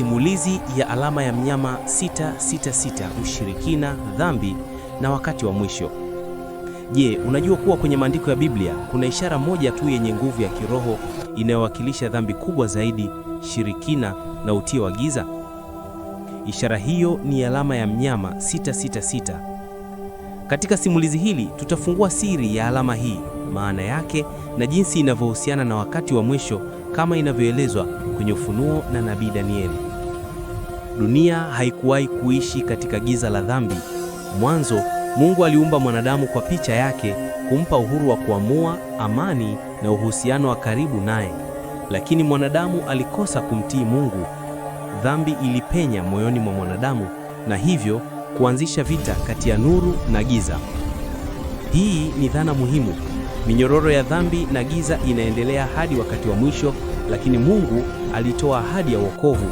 Simulizi ya alama ya mnyama 666 ushirikina, dhambi na wakati wa mwisho. Je, unajua kuwa kwenye maandiko ya Biblia kuna ishara moja tu yenye nguvu ya kiroho inayowakilisha dhambi kubwa zaidi, shirikina na utii wa giza? Ishara hiyo ni alama ya mnyama 666. Katika simulizi hili tutafungua siri ya alama hii, maana yake na jinsi inavyohusiana na wakati wa mwisho kama inavyoelezwa kwenye Ufunuo na nabii Danieli. Dunia haikuwahi kuishi katika giza la dhambi. Mwanzo, Mungu aliumba mwanadamu kwa picha yake, kumpa uhuru wa kuamua, amani na uhusiano wa karibu naye. Lakini mwanadamu alikosa kumtii Mungu. Dhambi ilipenya moyoni mwa mwanadamu na hivyo kuanzisha vita kati ya nuru na giza. Hii ni dhana muhimu. Minyororo ya dhambi na giza inaendelea hadi wakati wa mwisho, lakini Mungu alitoa ahadi ya wokovu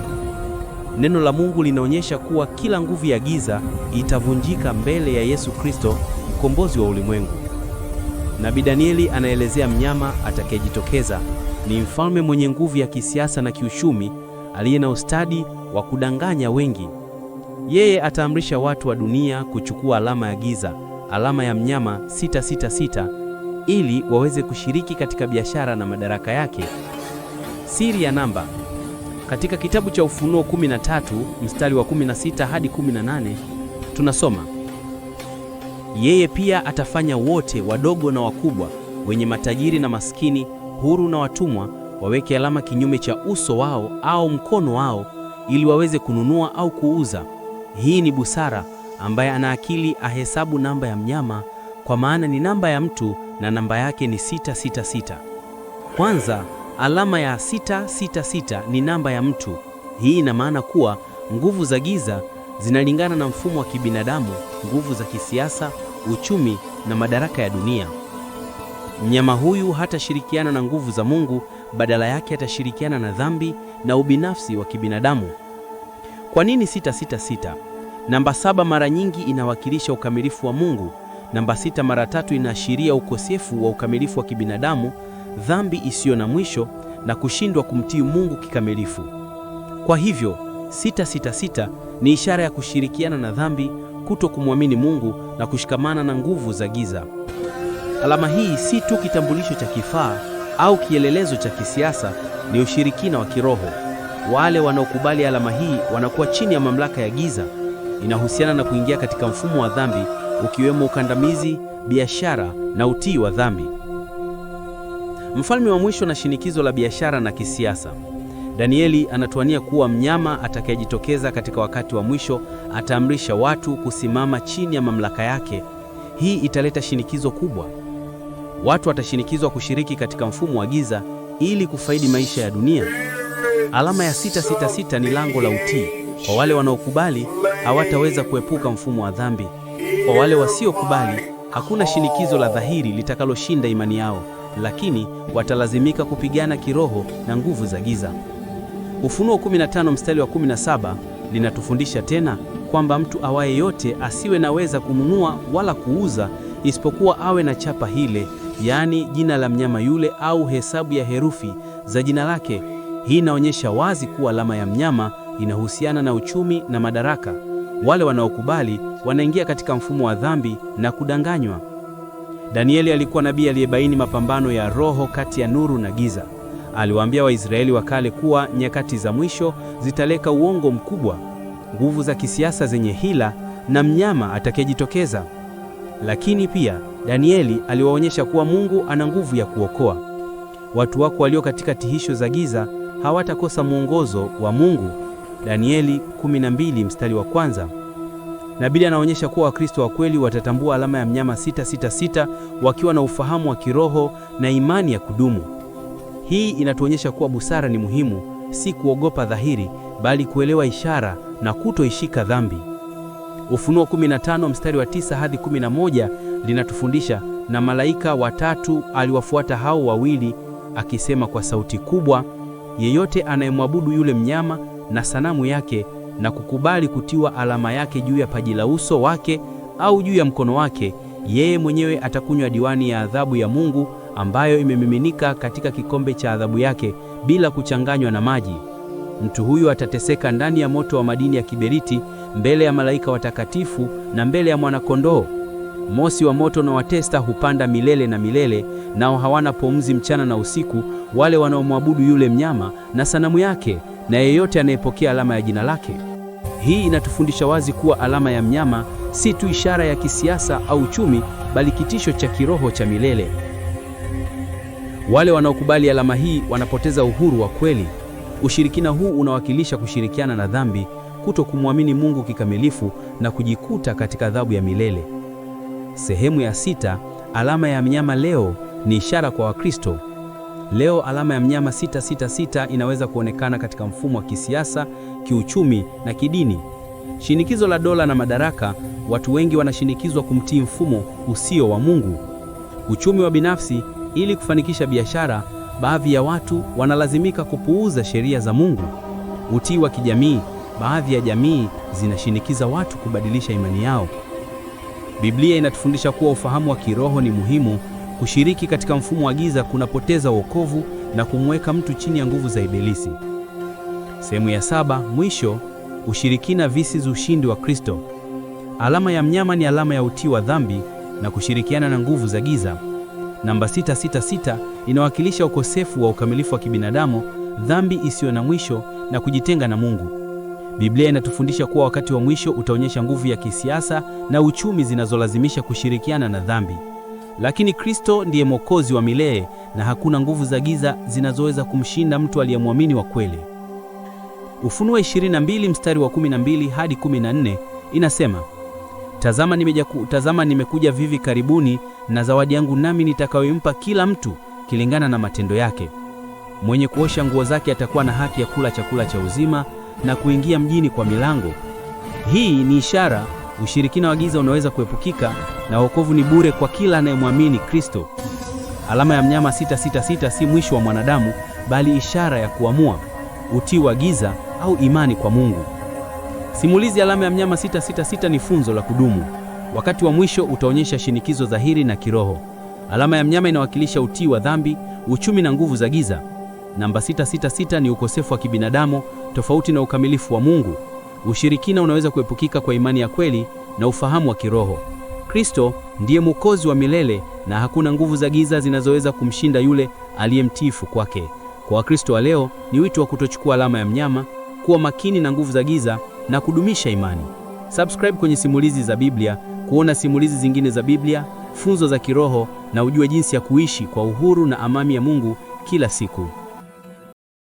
Neno la Mungu linaonyesha kuwa kila nguvu ya giza itavunjika mbele ya Yesu Kristo, mkombozi wa ulimwengu. Nabii Danieli anaelezea mnyama atakayejitokeza ni mfalme mwenye nguvu ya kisiasa na kiuchumi, aliye na ustadi wa kudanganya wengi. Yeye ataamrisha watu wa dunia kuchukua alama ya giza, alama ya mnyama 666 ili waweze kushiriki katika biashara na madaraka yake. Siri ya namba katika kitabu cha Ufunuo 13 mstari wa 16 hadi 18 tunasoma, yeye pia atafanya wote wadogo na wakubwa, wenye matajiri na maskini, huru na watumwa, waweke alama kinyume cha uso wao au mkono wao, ili waweze kununua au kuuza. Hii ni busara, ambaye ana akili ahesabu namba ya mnyama, kwa maana ni namba ya mtu na namba yake ni 666. Kwanza Alama ya 666 ni namba ya mtu. Hii ina maana kuwa nguvu za giza zinalingana na mfumo wa kibinadamu, nguvu za kisiasa, uchumi na madaraka ya dunia. Mnyama huyu hatashirikiana na nguvu za Mungu, badala yake atashirikiana na dhambi na ubinafsi wa kibinadamu. Kwa nini 666? Namba saba mara nyingi inawakilisha ukamilifu wa Mungu. Namba sita mara tatu inaashiria ukosefu wa ukamilifu wa kibinadamu dhambi isiyo na mwisho na kushindwa kumtii Mungu kikamilifu. Kwa hivyo, sita sita sita ni ishara ya kushirikiana na dhambi, kuto kumwamini Mungu na kushikamana na nguvu za giza. Alama hii si tu kitambulisho cha kifaa au kielelezo cha kisiasa, ni ushirikina wa kiroho. Wale wanaokubali alama hii wanakuwa chini ya mamlaka ya giza. Inahusiana na kuingia katika mfumo wa dhambi, ukiwemo ukandamizi, biashara na utii wa dhambi. Mfalme wa mwisho na shinikizo la biashara na kisiasa. Danieli anatuania kuwa mnyama atakayejitokeza katika wakati wa mwisho ataamrisha watu kusimama chini ya mamlaka yake. Hii italeta shinikizo kubwa. Watu watashinikizwa kushiriki katika mfumo wa giza ili kufaidi maisha ya dunia. Alama ya 666 ni lango la utii. Kwa wale wanaokubali, hawataweza kuepuka mfumo wa dhambi. Kwa wale wasiokubali, hakuna shinikizo la dhahiri litakaloshinda imani yao lakini watalazimika kupigana kiroho na nguvu za giza. Ufunuo 15 mstari wa 17 linatufundisha tena kwamba mtu awaye yote asiwe naweza kununua wala kuuza isipokuwa awe na chapa hile, yaani jina la mnyama yule au hesabu ya herufi za jina lake. Hii inaonyesha wazi kuwa alama ya mnyama inahusiana na uchumi na madaraka. Wale wanaokubali wanaingia katika mfumo wa dhambi na kudanganywa. Danieli alikuwa nabii aliyebaini mapambano ya roho kati ya nuru na giza. Aliwaambia Waisraeli wa kale kuwa nyakati za mwisho zitaleka uongo mkubwa, nguvu za kisiasa zenye hila na mnyama atakayejitokeza. Lakini pia Danieli aliwaonyesha kuwa Mungu ana nguvu ya kuokoa. Watu wako walio katika tihisho za giza hawatakosa mwongozo wa Mungu. Danieli 12 mstari wa kwanza na Biblia anaonyesha kuwa Wakristo wa kweli watatambua alama ya mnyama 666 wakiwa na ufahamu wa kiroho na imani ya kudumu. Hii inatuonyesha kuwa busara ni muhimu, si kuogopa dhahiri, bali kuelewa ishara na kutoishika dhambi. Ufunuo 15 mstari wa 9 hadi 11 linatufundisha, na malaika watatu aliwafuata hao wawili akisema kwa sauti kubwa, yeyote anayemwabudu yule mnyama na sanamu yake na kukubali kutiwa alama yake juu ya paji la uso wake au juu ya mkono wake, yeye mwenyewe atakunywa diwani ya adhabu ya Mungu ambayo imemiminika katika kikombe cha adhabu yake bila kuchanganywa na maji. Mtu huyu atateseka ndani ya moto wa madini ya kiberiti mbele ya malaika watakatifu na mbele ya mwanakondoo. Mosi wa moto na watesta hupanda milele na milele, nao hawana pumzi mchana na usiku, wale wanaomwabudu yule mnyama na sanamu yake, na yeyote anayepokea alama ya jina lake. Hii inatufundisha wazi kuwa alama ya mnyama si tu ishara ya kisiasa au uchumi, bali kitisho cha kiroho cha milele. Wale wanaokubali alama hii wanapoteza uhuru wa kweli. Ushirikina huu unawakilisha kushirikiana na dhambi, kuto kumwamini Mungu kikamilifu na kujikuta katika adhabu ya milele. Sehemu ya sita, alama ya mnyama leo ni ishara kwa Wakristo. Leo alama ya mnyama 666 inaweza kuonekana katika mfumo wa kisiasa, kiuchumi na kidini. Shinikizo la dola na madaraka, watu wengi wanashinikizwa kumtii mfumo usio wa Mungu. Uchumi wa binafsi, ili kufanikisha biashara, baadhi ya watu wanalazimika kupuuza sheria za Mungu. Utii wa kijamii, baadhi ya jamii zinashinikiza watu kubadilisha imani yao. Biblia inatufundisha kuwa ufahamu wa kiroho ni muhimu Kushiriki katika mfumo wa giza kunapoteza wokovu na kumweka mtu chini ya nguvu za Ibilisi. Sehemu ya saba, mwisho, ushirikina vs ushindi wa Kristo. Alama ya mnyama ni alama ya utii wa dhambi na kushirikiana na nguvu za giza. Namba 666 inawakilisha ukosefu wa ukamilifu wa kibinadamu, dhambi isiyo na mwisho na kujitenga na Mungu. Biblia inatufundisha kuwa wakati wa mwisho utaonyesha nguvu ya kisiasa na uchumi zinazolazimisha kushirikiana na dhambi. Lakini Kristo ndiye Mwokozi wa milele na hakuna nguvu za giza zinazoweza kumshinda mtu aliyemwamini wa kweli. Ufunuo 22 mstari wa 12 hadi 14 inasema, tazama, nimeja tazama, nimekuja vivi karibuni, na zawadi yangu nami nitakayoimpa kila mtu kilingana na matendo yake. Mwenye kuosha nguo zake atakuwa na haki ya kula chakula cha uzima na kuingia mjini kwa milango. Hii ni ishara ushirikina wa giza unaweza kuepukika na wokovu ni bure kwa kila anayemwamini Kristo. Alama ya mnyama 666 si mwisho wa mwanadamu, bali ishara ya kuamua, utii wa giza au imani kwa Mungu. Simulizi alama ya mnyama 666 ni funzo la kudumu. Wakati wa mwisho utaonyesha shinikizo dhahiri na kiroho. Alama ya mnyama inawakilisha utii wa dhambi, uchumi na nguvu za giza. Namba 666 ni ukosefu wa kibinadamu, tofauti na ukamilifu wa Mungu. Ushirikina unaweza kuepukika kwa imani ya kweli na ufahamu wa kiroho. Kristo ndiye Mwokozi wa milele na hakuna nguvu za giza zinazoweza kumshinda yule aliyemtifu kwake. Kwa Wakristo wa leo, ni wito wa kutochukua alama ya mnyama, kuwa makini na nguvu za giza na kudumisha imani. Subscribe kwenye Simulizi za Biblia kuona simulizi zingine za Biblia, funzo za kiroho na ujue jinsi ya kuishi kwa uhuru na amani ya Mungu kila siku.